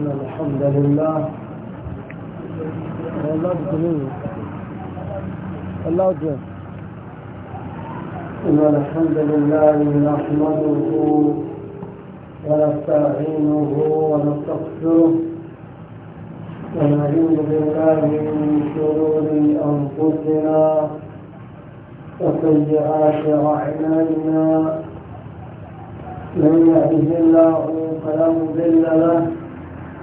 إن الحمد لله الله أكبر إن الحمد لله نحمده ونستعينه ونستغفره ونعوذ بالله من شرور أنفسنا وسيئات أعمالنا من يهده الله فلا مضل له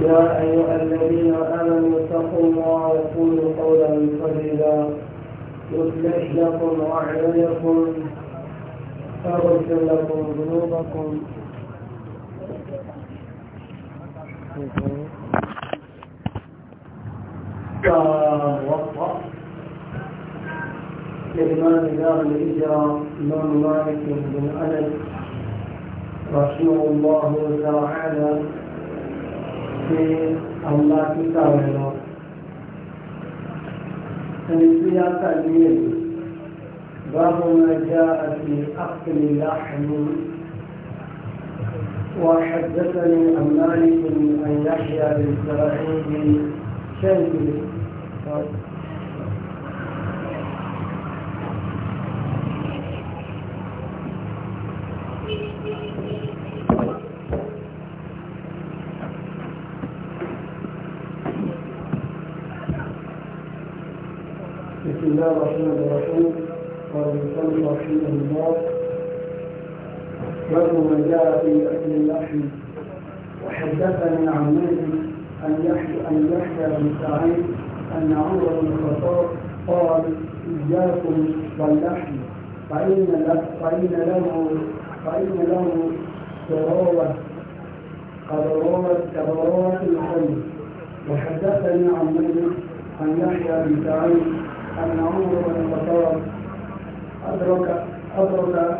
يا أيها الذين آمنوا اتقوا الله وقولوا قولا سديدا يصلح لكم أعينكم ويغفر لكم ذنوبكم موفق دار الهجرة إمام مالك بن أنس رحمه الله تعالى pé àwọn bá kíkà rẹ̀ lọ ẹni tí a kà ní èdè báwo máa já àti àpèlè láàánú وحدثني عن مالك أن يحيى بن سعيد شيخ رحمه الرحيم قال والمسلم رحمه الله باب ما جاء في اكل اللحم وحدثني عن مالك ان يحيى ان يحيى بن سعيد ان عمر بن الخطاب قال اياكم واللحم فان له فان له فان له ضراوه قدرات كبرات الخير وحدثني عن مالك ان يحيى بن سعيد أن عمر بن الخطاب أدرك أدرك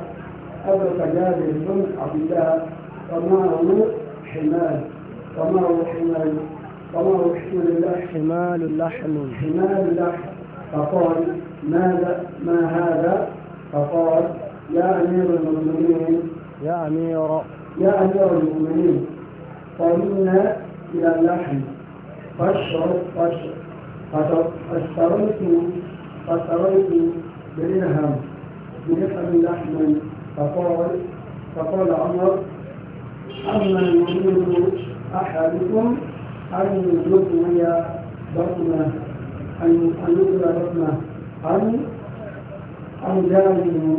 أدرك جابر بن عبد الله ومعه حمال ومعه حمال ومعه حمال اللحم حمال اللحم حمال لحم فقال ماذا ما هذا؟ فقال يا أمير المؤمنين يا أمير يا أمير المؤمنين قمنا إلى اللحم فاشرب فاشرب فاشتريت فاشتريت بدرهم بدرهم لحم فقال فقال عمر أما يريد أحدكم أن يبني بطنه أن أن يبني بطنه عن عن جاره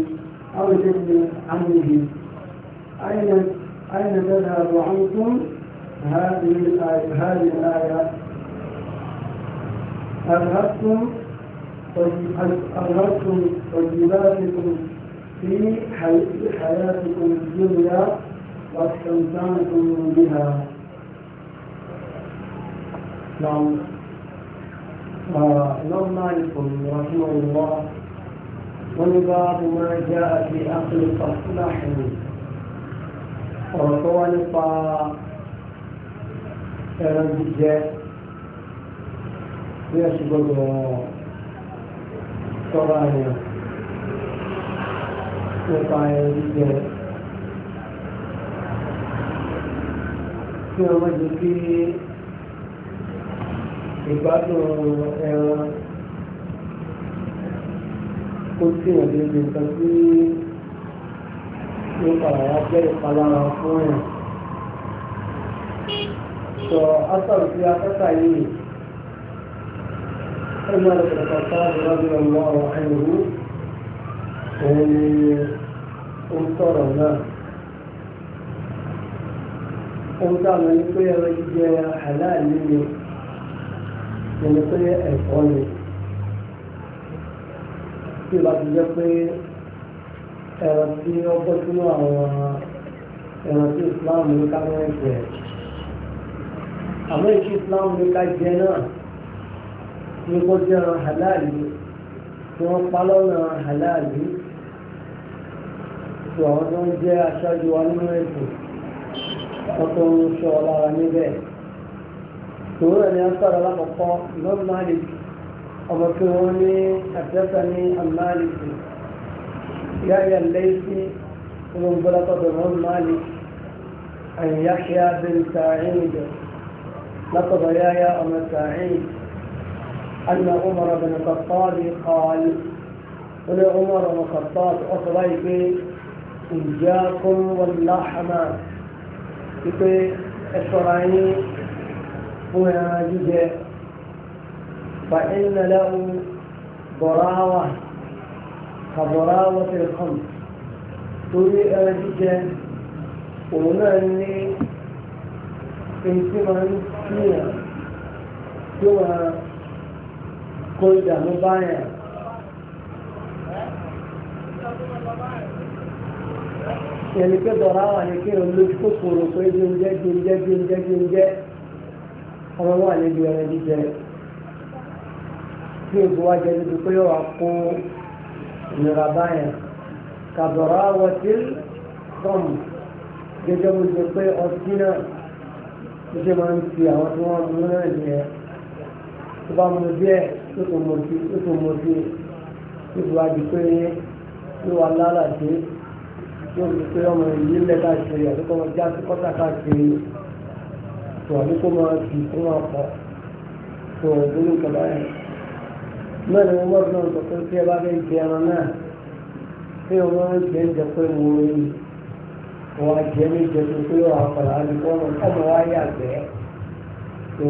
أو جد عمه أين أين تذهب عنكم هذه الآية هذه الآية أرهبتم أرهبتم طيباتكم في حياتكم الدنيا واستمتعتم بها نعم آه، الإمام مالك رحمه الله ونظام ما جاء في أخذ الصلاح ọ̀rọ̀ tó bí a ṣe gbọ́dọ̀ tọ́ra rẹ̀ nípa ẹ̀rí jẹ kí wọ́n máa jẹ kí ìgbádùn ẹran kó tí wọ́n lè lè sọ sí nípa ẹ̀yà jẹ́ ìpalára fún ẹ̀. sọ ásàrò sí afẹ́ta yìí عمر بن الخطاب رضي الله عنه انصر الناس انصر من كل رجل حلال مني من كل اخواني tí o bá ti jẹ́ pé ẹran tí ó bọ́ sínú àwọn ẹran tí Islam ní ká mọ́ ẹ̀jẹ̀ àmọ́ ìṣe Islam ní ká jẹ náà ní kó jẹ́ ẹran halali tí wọ́n pa lọ́nà halali tó àwọn tó ń jẹ́ aṣáájú wa nínú ẹ̀sìn wọ́n tó ń sọ lára níbẹ̀ tòun náà ni a sọ̀rọ̀ lákọ̀ọ́kọ́ ìmọ̀ máàlì ọmọ tí wọ́n ní àtẹ́sà ní àmáàlì yáyà lẹ́yìn sí ọmọ ìgbọ́látọ̀ tó wọ́n máàlì àyíyá ṣe á bẹ́ẹ̀ ìjọ látọ̀dọ̀ yáyà ọmọ sàárín ìjọ أن عمر بن الخطاب قال أن عمر بن الخطاب أخبرك إياكم واللحم يقول الشرعي هو جزء فإن له براوة كبراوة الخمس تريد جزء ونعني انتما فيها kó ìdààmú báyàn. ẹni pé dọ̀rọ̀ àwọn àni kí n lójú kòkòrò pé jíjẹ jíjẹ jíjẹ jíjẹ ọmọ wà níbi ọ̀rẹ́ jíjẹ tí èbó wa jẹ níbi pé yóò wá kó ìnira báyàn kàdọ̀rọ̀ àwọn tí tọ́mù gẹ́gẹ́ bó ṣe pé ọtí náà ó ṣe máa ń fi àwọn tí wọ́n mú náà nìyẹn tó bá mú yóò tó mọ sí yóò tó mọ sí yóò tó wá di pé yóò wá lára dé yóò di pé ọmọ ìlú lẹ káàkiri àti kọ́ ọmọ já sí kọ́tà káàkiri tó àbí kó máa fi kó máa pọ̀ tó lórí ìkọ̀lá yẹn. mẹ́rin wọn gbọ́dọ̀ náà sọ pé tí ẹ bá fẹ́ jẹ ẹran náà tí wọn máa jẹ ń jẹ pé mo rí wọn jẹ ní jẹ tó pé wọn àpàlà àti kọ́ ọmọ ọmọ wa yà bẹ́ẹ̀ tó.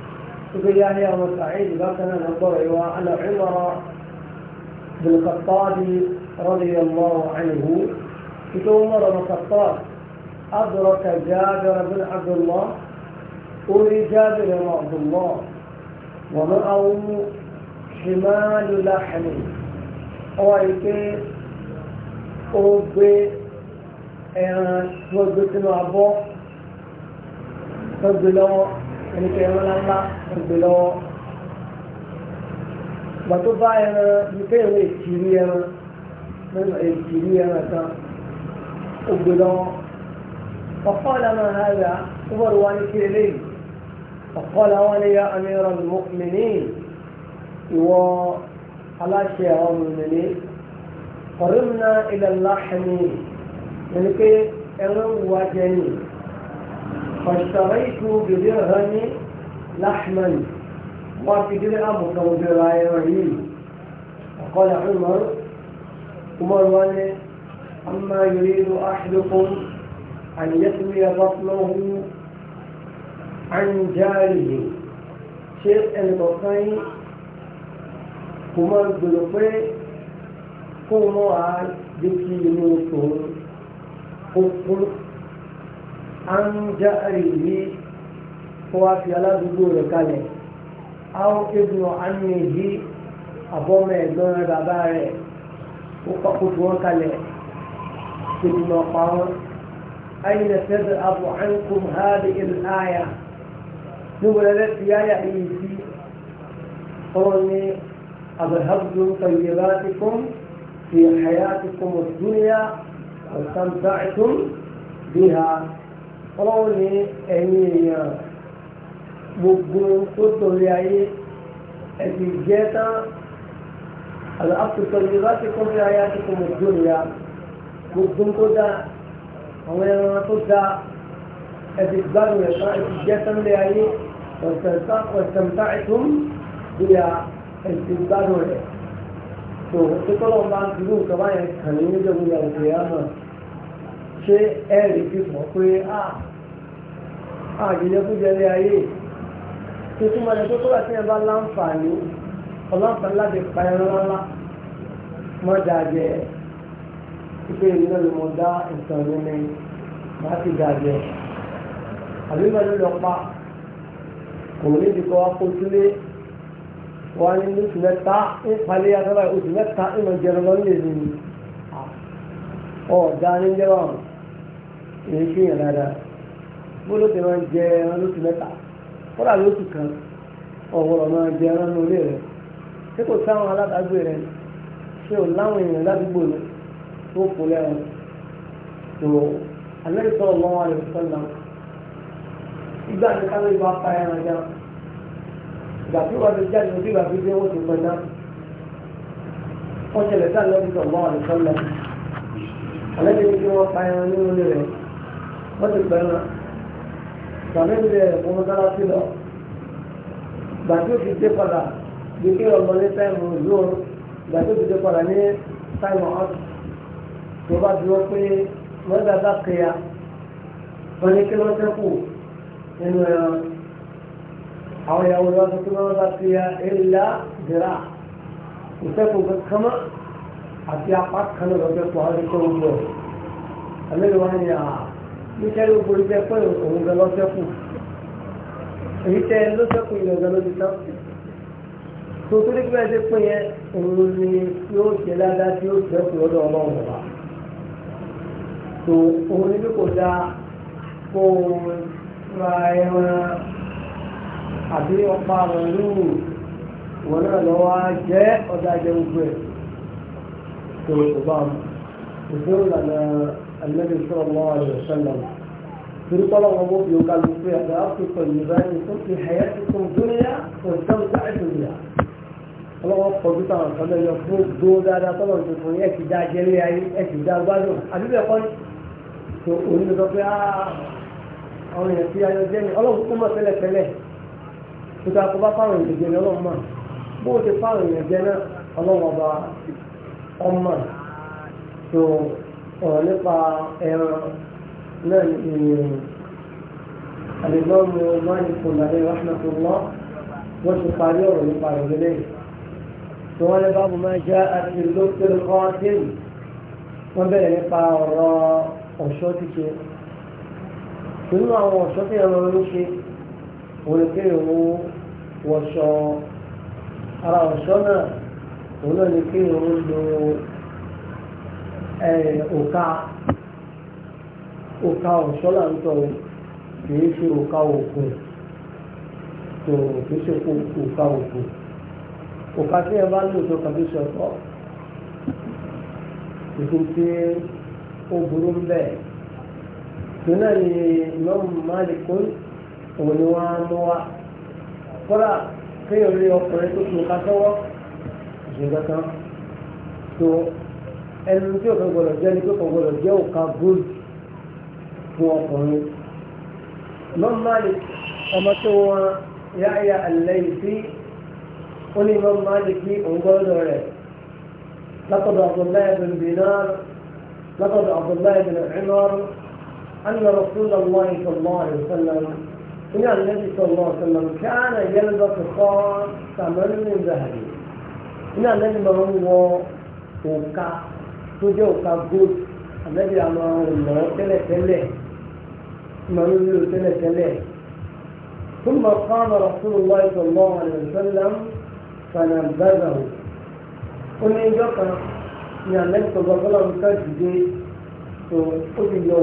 ابن يحيى وسعيد بكنا نظر عن عمر بن الخطاب رضي الله عنه إذا عمر بن الخطاب أدرك جابر بن عبد الله أولي جابر بن عبد الله ومعه حمال لحم أولئك أوبي وجدت مع بوح فضلوا ẹni tó ẹran ńláńlá gbé lọ́wọ́ ìgbà tó bá ẹran ní pé ìwé ìkìrí ẹran nínú ìkìrí ẹran kan ó gbé lọ́wọ́ ọ̀pọ̀ ìlànà ààrẹ tó bọ̀rọ̀ wá ní kí eléyìí ọ̀pọ̀ làwọn ni ya amíràn mọ́kùnmíní ìwọ aláṣẹ àwọn mọ̀mìnì ọ̀rẹ́mìnà ilẹ̀ láhàmì ẹni pé ẹran wù wá jẹ́ nìyí. فاشتريت بدرهم لحما وفي درهم وبرايرين قال عمر عمر وانا أما يريد أحدكم أن يسمي بطنه عن جاره شيخ البطين كما الظلفي كما عاد بكي نوتون an ja'rihi kó wá fi aládùúgbò rẹ̀ kalẹ̀ aw ibnu ammihi abọ́mọ ẹ̀gbọ́n rẹ̀ bàbá rẹ̀ ó kọ́kọ́ fi wọ́n kalẹ̀ ìgbìmọ̀ ọ̀pá wọn. أين تذهب عنكم هذه الآية نقول لك يا عيسي قولني أذهبتم طيباتكم في حياتكم الدنيا واستمتعتم بها ọlọ́run ní ẹ̀yin èèyàn gbogbo tó torí ayé ẹ̀sìn jẹ́ tán àlùfáàtútọ̀ yìí láti kọ́ sí ayé àti kọ́ mọ̀jú ìyá gbogbo tó dá àwọn ẹran tó dá ẹ̀sìn gbádùn ẹ̀sán ẹ̀sìn jẹ́ tán lé ayé ọ̀sẹ̀ǹtà ìtún ìyá ẹ̀sìn gbádùn rẹ̀ tó tó tọ́lọ́ bá ń dúró nǹkan báyẹn kàn ní níjọ́ gbogbo àwùjọ náà ṣé ẹ̀rí fi mọ̀ pé ah àjẹjẹkújẹ lé ayé tó túmọ̀ ní tó tó láti ẹ̀ bá láǹfààní ọlọ́ǹfààní láti pa ẹran ńlá mọ́ dàjẹ́ ìpè ìrìnà ló mọ̀ dá ìtàn mi ní má ti dàjẹ́ àbí mẹ́rin lọ pa kò ní ti kọ́ akójúlé wọ́n ní oṣù mẹ́ta ń palẹ́ asábà oṣù mẹ́ta ń lọ jẹun lọ nílé mi ọ̀dà ní jẹ́wọ̀n èyí fi hàn dáadáa. bó ló ti máa ń jẹ ẹran lóṣù mẹ́ta lóṣù kan ọ̀wọ́rọ̀ máa jẹ ẹran ní orí rẹ̀ ṣé kò sáwọn aládàgbé rẹ̀ ṣé ò láwọn èèyàn ládùúgbò rẹ̀ tó tó wọn wà lóṣù kan ìgbà tí káwé bá pa ẹran já ìgbà tí wọ́n ti jáde lójú ìgbà tí wọ́n ti pẹ́ náà wọ́n ṣẹlẹ̀ sí wọ́n pa ẹran ní orí rẹ̀ wọ́n ti pẹ́ náà. sàmẹ́lì rẹ̀ fún mọ́sálásí lọ gbàtí ó fi dé padà bí kí ọmọ ní táìmù lóòrùn gbàtí ó fi dé padà ní táìmù ọ̀tún tó bá dúró pé wọ́n dàgbà kéya wọ́n ní kí wọ́n sẹ́kù nínú ẹran àwọn ìyàwó lọ́wọ́ tó kí wọ́n bá kéya ẹ̀là dìrà kò sẹ́kù kankan àti apá kan lọ́jọ́ tó wọ́n ti kọ́ gbogbo ẹ̀ àmì ìwọ́n ni àá. Ah, nítorí gbogbo ìgbẹ́ pé òun gan lọ́sẹ̀kù èyí tẹ lọ́sẹ̀kù ilẹ̀ gan lójú tán tó tó dé kíláàsì pé yẹn òun ni yóò ṣe dáadáa tí yóò sẹ́kù lọ́dọ̀ ọlọ́run ọ̀la tó òun ni bí kò dáa kó o ra ẹran àbí ọ̀pá rẹ̀ lóhùn ìwọ náà lọ́wọ́ á jẹ́ ọ̀dà jẹun pẹ̀ tó o bá mu النبي صلى الله عليه وسلم في طلب وضوء يقال في أخلاقكم يبانكم في حياتكم دنيا واستمتعتم بها ọlọ́wọ́ kọjú táwọn ọ̀sán lọ yọ fún gbó dáadáa tọ́lọ̀ tó fún yẹ ti dá jẹ́lé ayé ẹ ti dá gbádùn àbíbẹ̀ kọ́ tó òun lọ pé àwọn èèyàn tí ayọ̀ jẹ́ ni ọlọ́run kó mọ̀ tẹ́lẹ̀tẹ́lẹ̀ tó dáa kó bá fáwọn èèyàn jẹ́ ni ọlọ́run mọ̀ bó o ti fáwọn èèyàn jẹ́ náà ọlọ́run ọba ọmọ tó ọ̀rọ̀ nípa ẹran náà ní ìrìn àlejòmù mọ́nìkù nàlẹ́ rahmatullah wọ́n ti parí ọ̀rọ̀ nípa ìrìnlẹ̀ tí wọ́n lé bábu máa jẹ́ àti lókèrè kọ́ọ̀tìrì wọ́n bẹ̀rẹ̀ nípa ọ̀rọ̀ ọ̀ṣọ́ ṣíṣe nínú àwọn ọ̀ṣọ́ tí ẹran ń ṣe òun ni kéèrè òun wọ̀ṣọ ara ọ̀ṣọ́ náà òun náà ni kéèrè òun lo Eh, òka òka ọ̀ṣọ́ là ń tọ́ kìí ṣe òka òkun tó kìí ṣe òka òkun òka tí ẹ bá lò tó kàbí ṣọ̀tọ̀ tuntun tí ó burú ń bẹ̀ tó náà ni Imam Malik òun ni wọ́n á mú wa kọ́lá kéèyàn rí ọkùnrin tó tún ká sọ́wọ́ ìṣèjọ́ kan tó ẹnu tí òfin gbọdọ̀ jẹ́ ni pé kò gbọdọ̀ jẹ́ òka gold fún ọkùnrin mọ́mọ́lì ọmọ tó wọn yáyà àlẹ́yìn sí ó ní mọ́mọ́lì kí òun gbọ́dọ̀ rẹ̀ látọ̀dọ̀ abdullahi bin dinar látọ̀dọ̀ abdullahi bin umar anna rasulallah sallallahu صلى الله عليه وسلم كان يلبس خاتما من ذهب إن النبي ما tó jẹ́ òka gold àbẹ́bí àmọ́ ọ̀nà tẹ́lẹ̀tẹ́lẹ̀ ìmọ̀ nílò tẹ́lẹ̀tẹ́lẹ̀ ثم قام رسول الله صلى الله عليه وسلم فنبذه قل إن جاء يا نبي صلى الله عليه وسلم قل إن جاء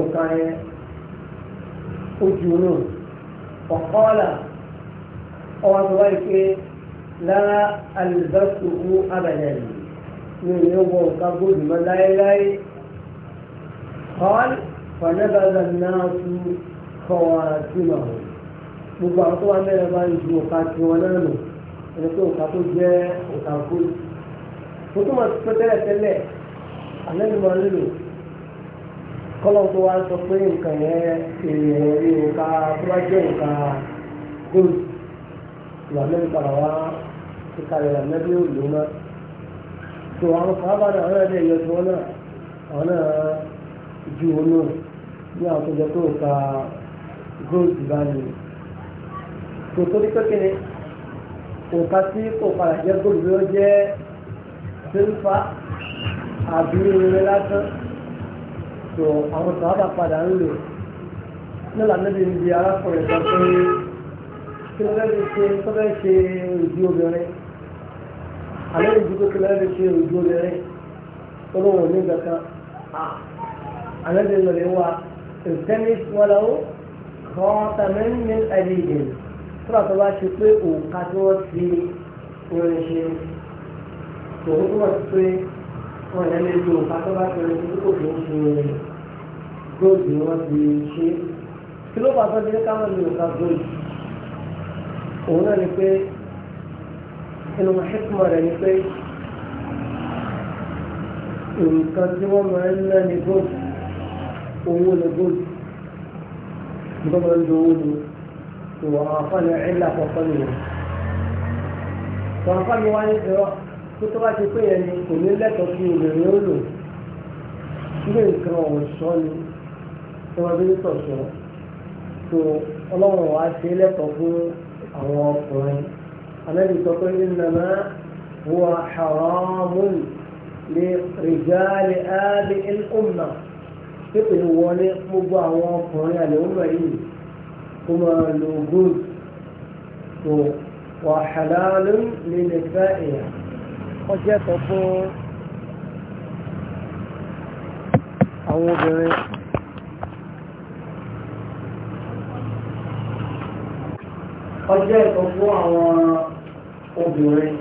أجنون وقال أو أدوائك لا ألبسه أبدا ní ìyẹn wọ nǹkan góòlù mọ́ láéláé kọ́ọ̀lù fàdébàdà náà tún kọ́ ara sí màá gbogbo àwọn tó wà mẹ́rin bá ń ju òkà tí wọn náà nù ẹni pé òkà tó jẹ́ òkà góòlù mo tún máa tó tẹ́lẹ̀ tẹ́lẹ̀ àlẹ́ mi máa lò kọ́lọ́ tó wá sọ pé nǹkan yẹn èèyàn rí òkà tó bá jẹ́ òkà góòlù ìwà mẹ́rin padà wá kíkà lò náà tó àwọn sábà náà àwọn ẹ̀dẹ̀ yọ tí wọ́n náà àwọn náà ju òun náà ní àwọn tó jẹ pé ó ka góòlù bá ní tó tó ní kékeré òǹkà tí kò padà jẹ góòlù ló jẹ sílfà àbí irinrin alẹ́ ìdúgbò kílẹ̀ lè ṣe ojú rẹ̀ olóhùn ní kankan alẹ́ lè lọ lè wa ìtẹ́lẹ̀ wọn lọ ó kọ́ tàmín ní ẹ̀rí ìdè fúlà tó bá ṣe pé òǹkà tí wọ́n ti orin ṣe tòun tó wọ́n ti pé wọ́n yẹn lè lo òǹkà tó bá ti orin ṣe kò fi ń ṣe góòlù wọn ti ṣe kí ló bá tọ́jú ní káwọn lè òǹkà góòlù òun náà ni pé inú ṣíkùmọ̀ rẹ̀ ni pé nǹkan tí wọ́n máa ń ná ní gold owó ní gold nǹkan máa ń lo owó ní ìwà àfáàní ẹ̀là àkọ́kọ́ nìyẹn. wọ́n àfáàní wá ní ìrọ́ tó tó bá ti pé yẹn ni kò ní lẹ́tọ̀ọ́ sí obìnrin ó lò ilé nǹkan ọ̀ṣọ́ ni ọmọdé ní sọ̀ṣọ́ tó ọlọ́run wá ṣe lẹ́tọ̀ọ́ fún àwọn ọkùnrin. النبي صلى الله عليه وسلم إنما هو حرام لرجال هذه الأمة pípé wọn ní gbogbo àwọn ọkùnrin àlèwọ́mọ̀ yìí kó máa lo gold tó wà hàlálù ní nìfẹ́ èèyàn. wọ́n jẹ́ sọ fún àwọn obìnrin. wọ́n jẹ́ sọ fún àwọn obìnrin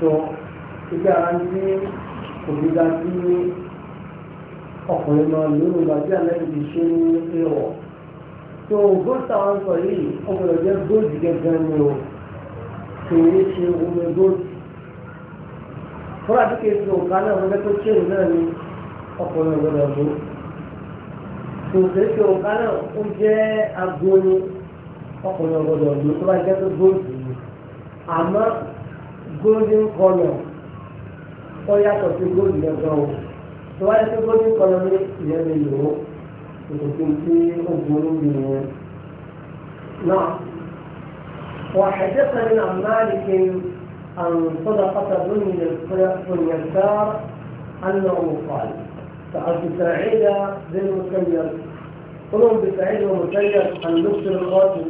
sọ ibi ara ń ní òbíga tí ọkùnrin náà lórí ìgbà tí àlẹ́bí ti ṣe ní ẹ̀wọ̀ tó góòlù táwọn sọ yìí ọgbọ̀dọ̀ jẹ́ góòlù gẹ́gẹ́ ni o kì í ṣe omi góòlù fúnra bí kìí náà wọlé tó ṣe ìlú náà ni ọkùnrin ọgbọ̀dọ̀ ló kò kìí ṣe òkà náà ó jẹ́ agolo ọkùnrin ọgbọ̀dọ̀ ló tó bá jẹ́ tó góòlù. àmọ́ golden colour ó yàtọ̀ sí gold lọ́dọ̀ o tó wáyé sí golden colour ní ìyẹn lè lò ó ìtòkùn tí ó burú bì yẹn náà وحدثني عن مالك عن صدقة بن بن يسار أنه قال سألت سعيد بن مسير قلهم بسعيد بن مسير عن نصر القاتل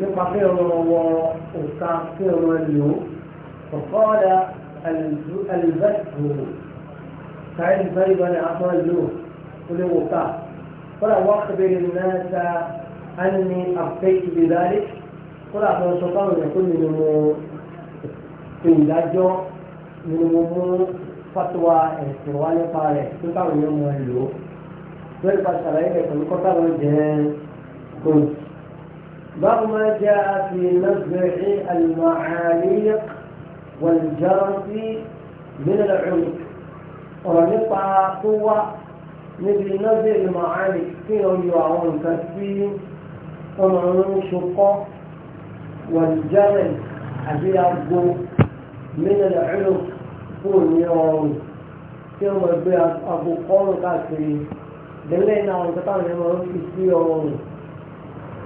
nípa pé ọ̀rọ̀ wọ òkà pé ọ̀rọ̀ lò ó kọ́kọ́dà alìbẹ́tò káyọ̀ ìbẹ́rìbẹ́ ni àtọ́ lò ó lè wò ká kọ́dà wọ́n kébèrè náà ta á ní àpéjì bìdárí kọ́dà tó ń sọ fáwọn èèyàn tó nínú mo ìdájọ́ nínú mú fatuwa ẹ̀sìn wá nípa rẹ̀ tó táwọn èèyàn mọ̀ lò ó lórí pàṣẹ àlàyé rẹ̀ pẹ̀lú kọ́tà ló jẹ́ بغم جاء في نزع المعاليق والجرس من العنق ونقطع قوة نبي نزع المعاليق فيهم يعون كثير ومعون شقة والجرس أبي أبو من العنق كل يوم فيهم أبو قول كثير دلنا وانقطعنا يوم في يوم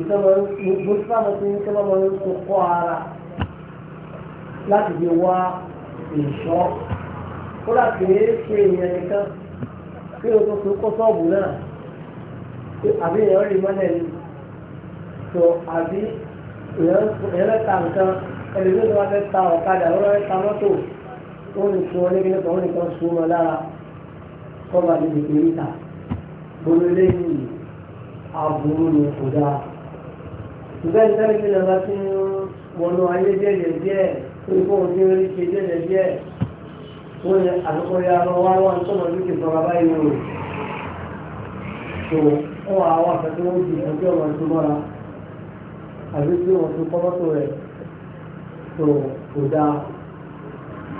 ìtọ́mọ̀ mùsùlùmí ti ní tọ́mọ̀ mọ́ ń kọ́ ara láti fi wá ìṣọ́ ó rà pé ṣe èèyàn nìkan kí o tó kó sọ́ọ̀bù náà àbí èèyàn rí mọ́lẹ̀ ni tó àbí èèyàn lẹ́ta nǹkan ẹlẹ́gbẹ́ tó wá fẹ́ ta ọ̀kadà ó rẹ́ ta mọ́tò ó ní sun ọlẹ́gbẹ́ nípa ó nìkan sun ọ lára kọ́ máa di dèbè níta gbogbo eléyìí àbúrò ni kò dáa ṣùgbọ́n ní sáré kílẹ̀ bá ti ń wọnú ayé díẹ̀ díẹ̀ tó ní fóun tí ń rí ṣe díẹ̀ díẹ̀ wọ́n ní àlùkò ya lọ wá wọn tó mọ̀ lókè sọ̀rọ̀ báyìí o tó ó wà àwọn àṣà tí wọ́n ti ọjọ́ ọmọ tó mọ́ra àbí tí wọ́n ti kọ́kọ́ tó rẹ̀ tó kò dáa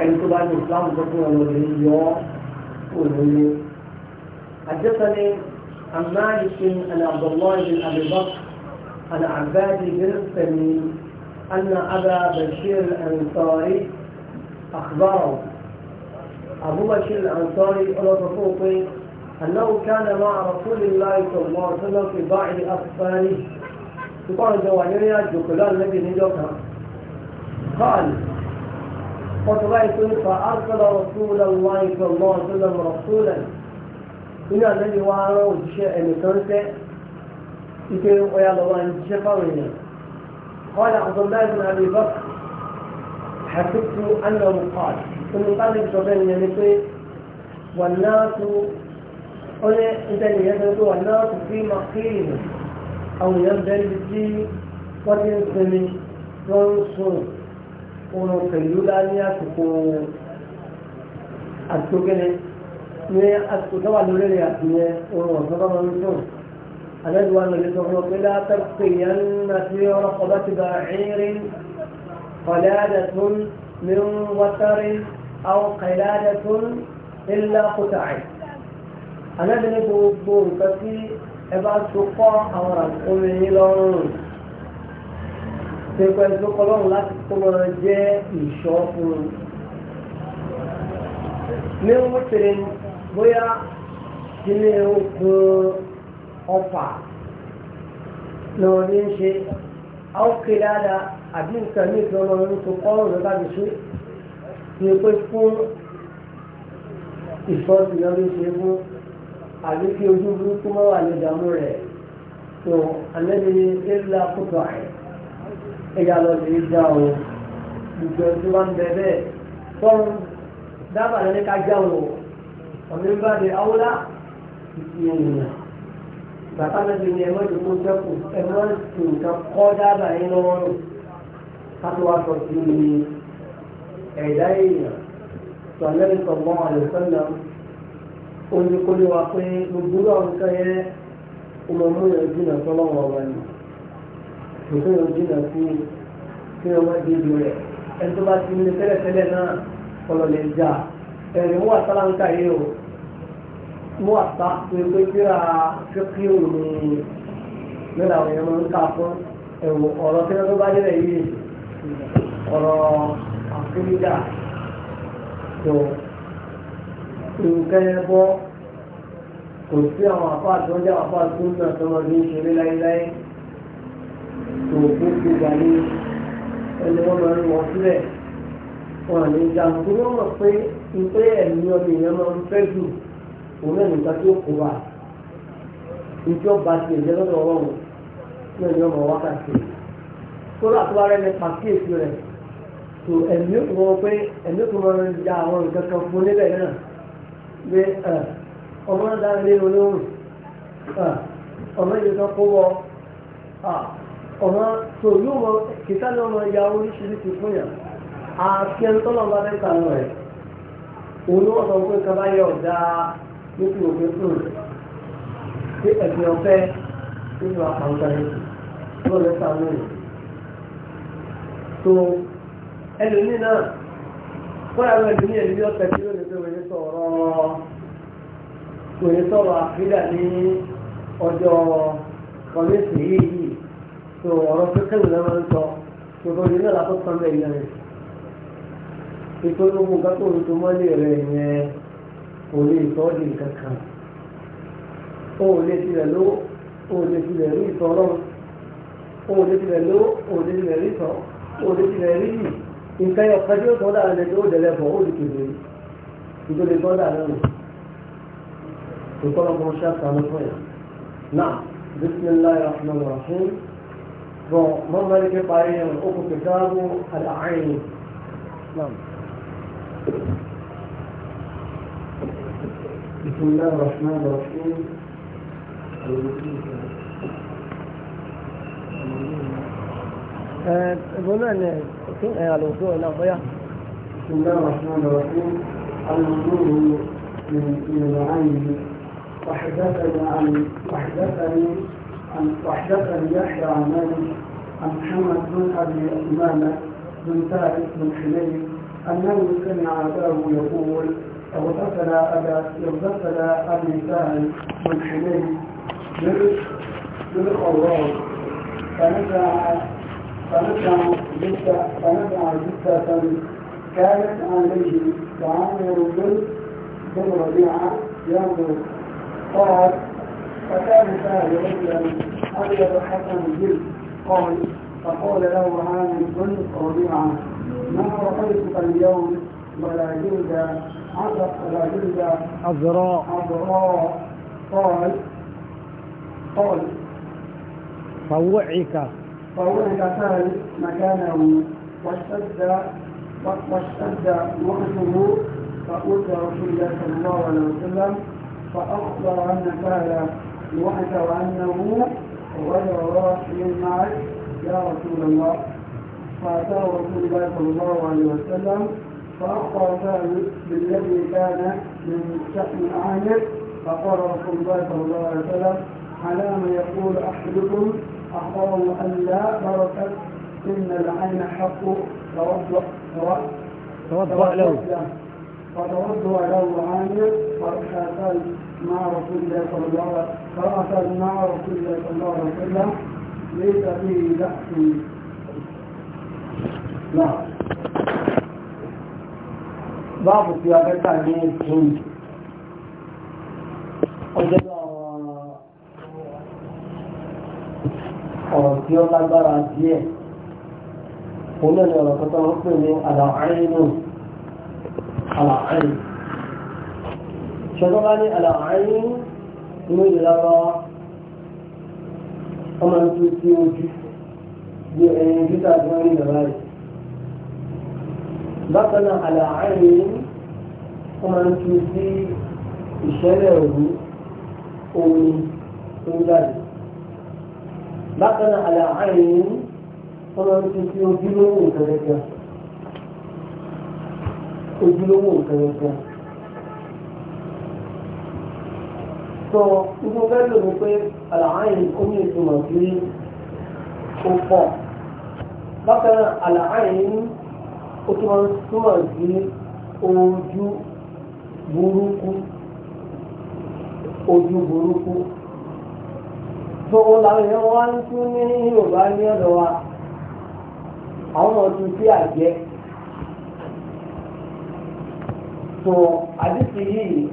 ẹni tó bá ní ìsìlámù tó fún ọmọ rẹ̀ yọ ọ́ òun ni. حدثني عن مالك عن عبد الله بن ابي بكر عن عباد بن التميم أن أبا بشير الأنصاري أخبره أبو بشير الأنصاري ألطفوطي أنه كان مع رسول الله صلى الله عليه وسلم في بعض أطفاله يقال جوانيا جوكلان النبي نجوكا قال فطلعت فأرسل رسول الله صلى الله عليه وسلم رسولا إن الذي وعره الشيء مثلته ike ọya lọ́wọ́ ń jíṣẹ́ fáwọn èèyàn قال عبد الله بن أبي بكر حسبت أنه قال ثم قال الجبل يمشي والناس أنا إذا يدرك والناس في مقيم أو يبدل بالدي وتنسمي وانصر ونقل لأن يسكون أتوكل الذي أن يدعوك لا تبقين في رقبة بعير قلادة من وتر أو قلادة إلا قطع الذي يدعوك في ẹbá sopọ àwọn àkómi yín lọ́rùn pẹpẹ tó kọlọ́run láti kó wọn jẹ́ ìṣọ́ fún un. ní wọ́n tẹ̀lé bóyá kíní okun ọfà lọ́wọ́ ní ń ṣe áókè dáadáa àbí nǹkan ní ìfẹ́ ọmọ ọdún tó kọ́ ọ̀rọ̀ bá mi ṣe ní pé fún ìfọ́sí lọ́wọ́ ṣe fún àbí kí ojú burúkú má wà ní ìdààmú rẹ̀ tó àlẹ́ni ẹ̀rọ àkótó àyè ẹ̀yà lọ sí ìjà o gbogbo ẹni tó bá ń bẹ bẹ́ẹ̀ tọ́run dábàá lẹ́ni ká já o ọ̀nà ìbàdàn awúlá ìfìyàn ìyàn bàbá nàbí ni ẹ̀mọ́ ìdókò jẹ́kù ẹ̀mọ́ ìtò nǹkan kọ́ dábàá yín lọ́wọ́ rò kátó wá sọ sí ni ẹ̀dá èèyàn tó àlẹ́bí sọ̀gbọ́n àlùfẹ́nà oníkólé wa pé gbogbo àwọn nǹkan yẹn ọmọ mú yẹn jìnnà sọ́lọ́wọ́ wa ni kò yẹn jìnnà sí kí wọ́n má dé ibi rẹ̀ ẹni tó bá ti ní tẹ́lẹ̀tẹ́lẹ̀ náà ọ̀rọ̀ lè jà ẹ̀rìn wà sáláńkà yìí o mú àtà tó yẹ pé kíra fífi òní lọ́la àwọn èèyàn máa ń kà fún ẹ̀wọ̀ ọ̀rọ̀ kíra tó bá délẹ̀ yìí ọ̀rọ̀ àfíríkà kò sí àwọn àpá tó ń jẹ́ àpá tó ń tàn sọmọ ní ìṣeré láéláé tó kó ti gbà ní ẹni wọ́n máa ń wọ́n sílẹ̀ wọn àlejò àmọ́ tó wọ́n mọ̀ pé ìpé ẹ̀mí ọmọ èèyàn máa ń fẹ́ jù òun náà nìkan tí ó kó wa ìjọ ba ti ẹ̀jẹ̀ lọ́dọ̀ ọlọ́run náà ni ọmọ wákàtí kóra tó wá rẹ̀ ní pàkíyèsí rẹ̀ tó ẹ̀mí ó mọ pé ẹ̀mí ó mọ ya àwọn nǹkan kan fún níbẹ̀ náà pé ọmọ náà dára lé olóhùn ọmọ yìí kan kó wọ ọmọ tó yóò mọ kíkà ní ọmọ ya oríṣiríṣi fún yàn àti ẹni tọ́lọ́ bá fẹ́ sànú rẹ̀ òun ló wọ́n sọ pé kaba yẹ ló fi òfin ṣé ẹ̀sìn ọ̀fẹ́ nínú àpàǹtà yẹn tó lọ sàánú tó ẹlòmíì náà wọ́n yà wọ́n ẹlòmíì ẹ̀lú tí ó lè fi wọ́n yẹn sọ̀rọ̀ wọ́n àfídà ní ọjọ́ kọ̀mẹ́sì yìí tó ọ̀rọ̀ kékeré náà máa ń sọ tòrò yìí náà látọ̀ sọ́mọ́ ẹ̀yẹ rẹ̀ ètò ológun kátó olùdómọ́lé rẹ̀ yẹn kò lè sọ ọ́ di nǹkan kan o ò lè tilẹ̀ lówó o ò lè tilẹ̀ rí ìtọ́ ọlọ́run o ò lè tilẹ̀ lówó o ò lè tilẹ̀ rí ìtọ́ o ò lè tilẹ̀ rí yìí nǹkan yọ kájú ó tọ́lá rẹ̀ tó dẹ̀lẹ̀ bọ̀ ó بسم الله الرحمن الرحيم أه، بما أه، على الوضوء الافضل بسم الله الرحمن الرحيم الوضوء من من العين وحدثني عن وحدثني عن وحدثني يحيى عن مالك عن محمد بن ابي امامه بن ثابت بن حنين انه سمع اباه يقول وغسل أبا وغسل أبي سهل بن حنين بالخراج فنزع فنزع جثة فنزع جثة كانت عليه وعامر بن بن ربيعة ينظر قال فكان سهل رجلا أبيض حسن الجلد قال فقال له عامر بن ربيعة ما رأيتك اليوم ولا جلد عشر قلاديل عذراء عذراء قال قال فوعك فوعك سهل مكانه واشتد واشتد وقته فقلت رسول الله صلى الله عليه وسلم فأخبر أن سهل وحكى وأنه غير راحل معك يا رسول الله فأتاه رسول الله صلى الله عليه وسلم فأخطأ ذلك بالذي كان من شأن عامر فقال رسول الله صلى الله عليه وسلم على ما يقول أحدكم أخبره أن لا بركة إن العين حق توضأ توضأ له فتوضأ له عامر فرأى مع رسول الله صلى الله عليه وسلم فرأى مع رسول الله صلى الله عليه وسلم ليس فيه بحث لا báàbù tí a ní ẹ̀sùn ọjọ́ ọ̀rọ̀ tí ó lágbára díẹ̀ òun náà ọ̀rọ̀ kan wọ́n pè ní àlàáìnù àlàáìnù ṣọlọ́lá ní àlàáìnù inú ìlara ọmọ ìtú tí ó jù bí ẹni títà tí wọ́n rí bákan náà àlàáyé wọ́n máa ń tu omi tó ń jáde bákan náà àlàáyé wọ́n máa ń tu sí ojúlówó ìkẹrẹkẹ ojúlówó ìkẹrẹkẹ. sọ inú bẹ́ẹ̀ lò ní pé àlàáyé omi ó tún máa ń túmọ̀ sí ojú burúkú ojú burúkú tó o làwọn èèyàn wá ń tún ní yorùbá ní ọ̀dọ̀ wa àwọn ọ̀tún sí àjẹ́ tó àdìsí yìí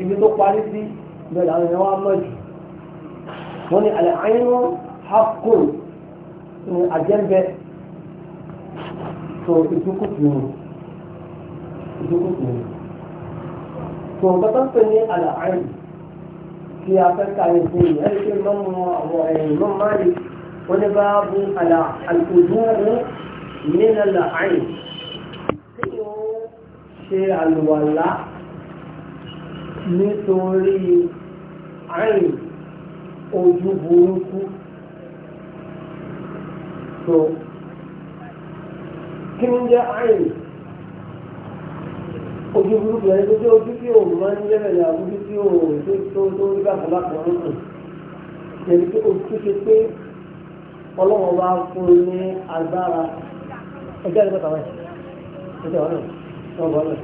ibi tó parí sí bẹ́ẹ̀ làwọn èèyàn wá mọ̀ jù wọ́n ní àlẹ́ àyínú hakùn ní àjẹ́ bẹ́ẹ̀ so ìdúkùtù nù ìdúkùtù nù so nǹkan tó ń pè ní àlàáyé tí a fẹ́ ka ní fún yìí ẹni pé mọ́mú àwọn ẹ̀yìn mọ́mú máa yìí wọ́n ní bá bu àlà àlùkùdúrú nínú àlàáyé tí ó ṣe àlùwàlá nítorí àyìn ojú burúkú kí ló ń jẹ́ àyìn ojú burúkú yẹn tó jẹ́ ojú tí òun máa ń yẹ́rẹ̀ ní àbújú tí òun tó tó tó ń gbà fún lápò ọ̀hún yẹn tó ojú ṣe pé ọlọ́wọ́n bá fún un ní agbára ẹgbẹ́ ẹgbẹ́ kàwé ẹgbẹ́ ọ̀nà ọ̀bọ̀ ọ̀nà.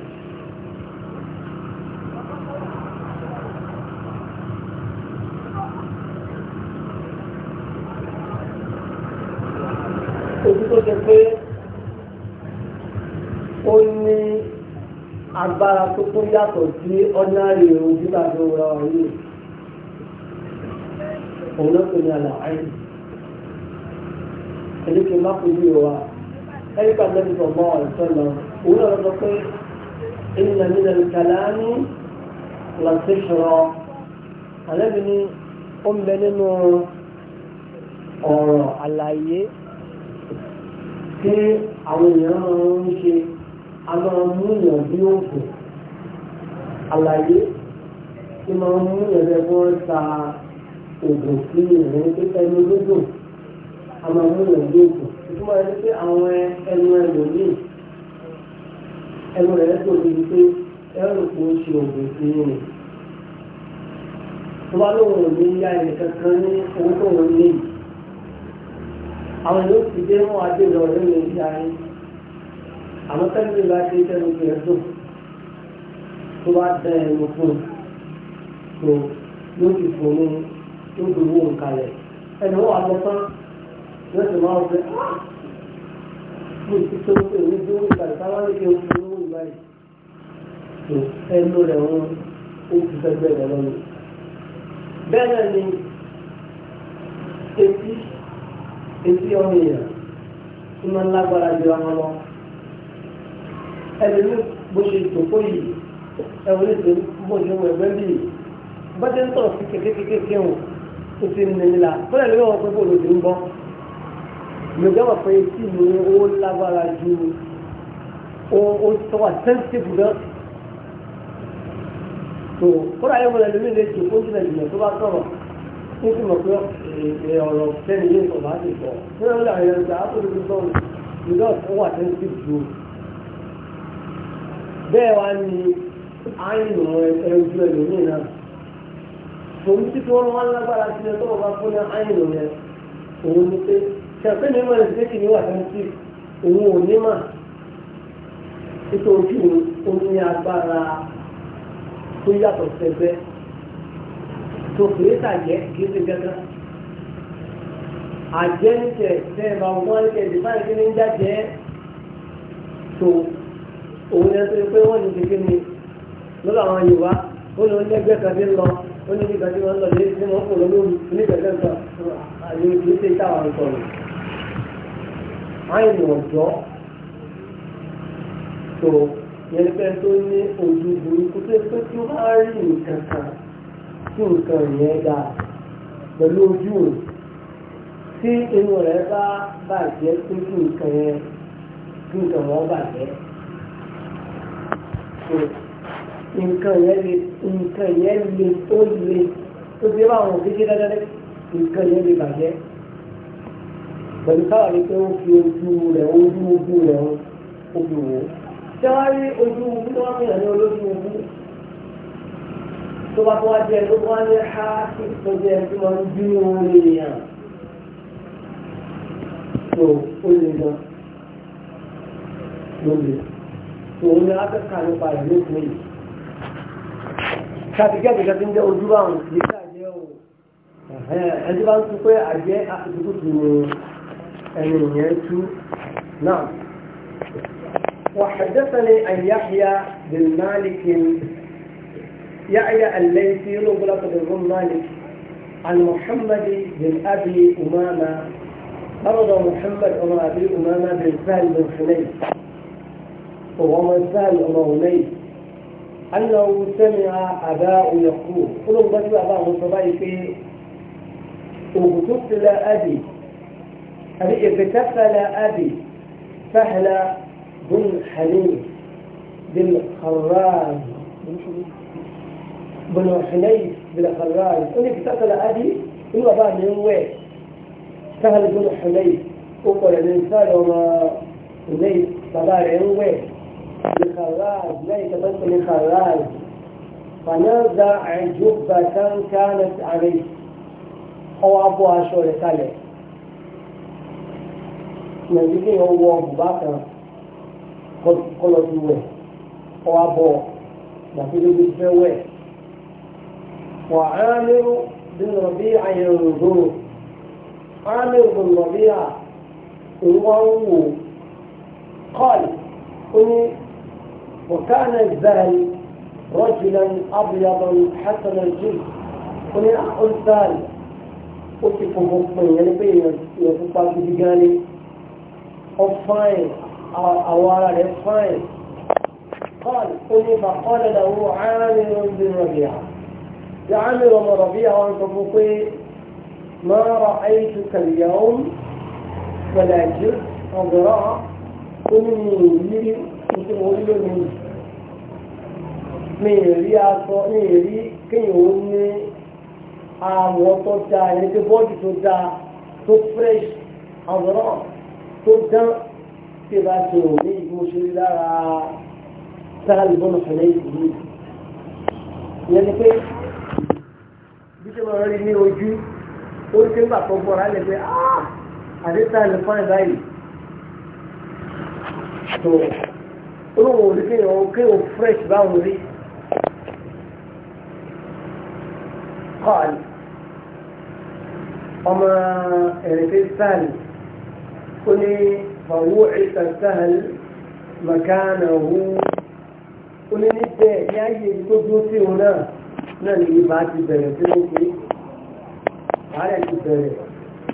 ojú tó ṣe agbára tó kó yàtọ̀ sí ọ́nàrí ohun tí bá tó ra ọ̀ yìí òun ló pè ní àlàáyé ẹni tí má kú yìí wa ẹni ká lẹ́nu tó mọ́ ọ̀sẹ̀ lọ òun náà lọ pé ẹni ọ̀rọ̀ a máa mú yàn bí oògùn àlàyé tí máa mú yàn bẹ́ẹ̀ kí wọ́n ta oògùn sí ìrìn pípẹ́ ní lódò a máa mú yàn bí oògùn ìtumọ̀ ẹni pé àwọn ẹnu ẹlòmíì ẹnu rẹ̀ tó ní pé ẹrù kò ń ṣe oògùn sí ìrìn tó bá lóun ò ní yá ẹnì kankan ní owó tó ń lé àwọn yóò ti dé wọn adé lọ lórí ẹ̀yà yìí àmọ́ tẹ́lẹ̀ bá ṣe tẹ́lẹ̀ bí ẹ dùn tó bá dẹ ẹnu fún tó yóò ti fún ní yóò ti wó nkalẹ̀ ẹnu wà lọ́tàn yóò ti máa fẹ́ mo ti tó pé òun dúró nkalẹ̀ táwọn lè ṣe fún ní ìgbà yìí tó ẹnu rẹ̀ wọn ó ti fẹ́ bẹ̀rẹ̀ lọ́nu. bẹ́ẹ̀ náà ni etí etí ọmọ èèyàn tí wọ́n lágbára jù ọmọ lọ́wọ́ ẹni ní bó ṣe tòkó yìí ẹ̀wọ̀n ètò bó ṣe wọ̀ ẹ̀gbẹ́ bíi bá ti ń tọ̀ sí kékeré wọn tó ti ń nìyí la fúnẹ̀ lórí wọn pé bó lòdì ń bọ́ yorùbá pé tí mi ó lágbára ju ó tó wà sẹ́ńtítì náà tó kóra yẹn wọlé lómi lè tó kó jìnnà jìnnà tó bá sọ̀rọ̀ ó sì mọ̀ pé ọ̀rọ̀ sẹ́ni yóò sọ̀rọ̀ á ti sọ̀rọ̀ ẹ̀rọ ìgbà wà sẹ́ńtítì ju bẹ́ẹ̀ wá ní àìnù ẹ̀rùjú ẹlòmíì náà tòun tí kí wọ́n wá lágbára sí ẹjọ́ ọba fún ní àìnù rẹ̀ òun ni pé ṣàpé mi máa ń ṣe kí ni wà sẹ́ńtì òun ò ní mà nítorí òun ó ní agbára tó yàtọ̀ sẹ́gbẹ́ tó kìí tàjẹ́ kìí gẹ́gẹ́ àjẹ́ níkẹ̀ bá wọ́n ní kẹ̀ ẹ̀ ń jáde tó òun yẹn tó pé wọ́n ní ti ni lọ́dọ̀ àwọn yorùbá ó ní onígbẹ́ kan lọ ó ní ibi kan ti lọ lórí tí wọ́n kò lọ lórí onígbẹ̀kẹ́ kan àyè kì ṣe táwọn ń sọ̀rọ̀ àyè ọ̀dọ́ tó yẹn pẹ́ tó ní ojú burúkú tó pé tí bá rí nǹkan kan tí nǹkan yẹn ga pẹ̀lú ojú òun tí inú rẹ̀ bá bàjẹ́ pé kí nǹkan yẹn kí nǹkan wọn bàjẹ́ nǹkan yẹn le nǹkan yẹn le ó le tó bí báwọn òbí dé dáadáa nǹkan yẹn le bàjẹ́ pẹ̀lú káwọn ni pé ó fi ojú rẹ̀ ojú ojú rẹ̀ ó fi wò ó. ṣé wàá rí ojú ojú tó wá fi hàn ní olójú ojú tó bá tó wá jẹ tó wá ní ha tó jẹ tó máa ń bí orin èèyàn tó ó lè gan ló lè òun ni áfẹ́kà nípa rẹ̀ ló fún yìí ṣàtìkẹ́ ìjọba ń jẹ́ ojú bá wọn kì í ṣàjẹ́ o ẹni bá ń tún pé àjẹ́ àtìkú ní ẹni yẹn tú náà وحدثني أن يحيى بن مالك يحيى الليثي نقلة بن مالك عن محمد بن أبي أمامة مرض محمد بن أبي أمامة بن سهل بن حنين ومن سأل أمرني أنه سمع أباء يقول قلوا بس أباء أباه صبايك اغتسل أبي أبي اغتسل أبي فهل بن حنيف بن خراج بن حنيف بن خراج أني اغتسل أبي إنه أباء من وين فهل بن حنيف وقال الإنسان وما حنيف bàbá من وين بخراج ليس بس لخراج فنزع جبة كانت عليه هو أبو أشهر كالي نزيكي هو أبو بكر kọlọ ti wẹ ọwọ abọ gbàgbélé bí fẹ wẹ wà á lérò bí rọbí àyẹ̀wò dòrò á lérò bí rọbí à òun wá ń wò kọ́ọ̀lì ó ní. وكان الذهل رجلا أبيضا حسن الجلد قلنا أنثال قلت فوقنا يعني بين يفقات بجاني أو فاين أوارا فاين قال قلت فقال له عامر بن ربيع. يا عامر بن ربيعة وأنت فوقي ما رأيتك اليوم ولا جلد أو ذراع قلني tí mo ń lò ní mi rí aṣọ mi rí kéèyàn ó ní àwọ̀ tó dáa ẹni tó bọ́ọ̀dì tó dáa tó fresh àwòrán tó dán tí bá ti rò ní ìgbó ṣe rí lára sáàlì bọ́ọ̀lù fẹ̀lẹ́ ìlú ìyẹn ni pé bí ṣe máa rí ní ojú ó ń bà tó bọ̀ra lè pé ah! àdéhùn sáàlì fáìn báyìí olóhùn òní kéèyàn kéèyàn fresh báwọn rí kọ́ọ̀l ọmọ ẹ̀rẹ̀fẹ́ sáàlì ó ní fàwọ́ ìta sáàlì màkánà hù ó ní níbẹ̀ ní ayé tó dúró sí òun náà náà ní ibà ti bẹ̀rẹ̀ sí ní pé àárẹ̀ ti bẹ̀rẹ̀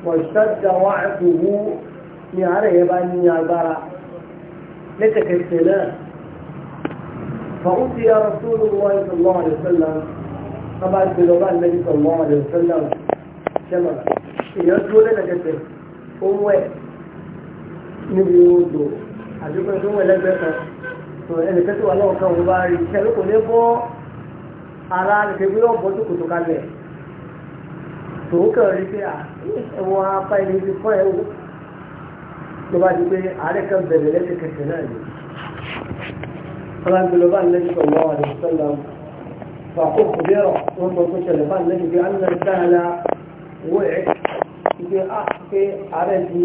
mọ̀ṣáda wàá tó ní àárẹ̀ yẹn bá ní agbára. لتكسر لا فأتي رسول الله صلى الله عليه وسلم طبعا بلغة النبي صلى الله عليه وسلم كما يقول لنا كثير هو níbi odò àdúgbò tó wọlé ẹgbẹ́ kan tó ẹnìkan tó wà lọ́wọ́ kan òun bá rí iṣẹ́ ló kò ní bọ́ ara nìkan bí wọ́n bọ́ tó kòtò kalẹ̀ tòun kàn rí pé àwọn apá ẹni ti kọ́ ẹ̀ wò tó bá di pé ààrẹ kan bẹ̀rẹ̀ lẹ́sẹ̀ kẹsẹ̀ náà ni ọlọ́gbẹ̀lọ́ bá lẹ́sẹ̀ sọ̀rọ̀ àwọn àdìsọ́lá fàkókò bẹ́rọ̀ wọ́n sọ pé ṣẹlẹ̀ bá lẹ́sẹ̀ pé àmì dáadáa wọ́ ẹ̀ pé ah, pé ààrẹ ti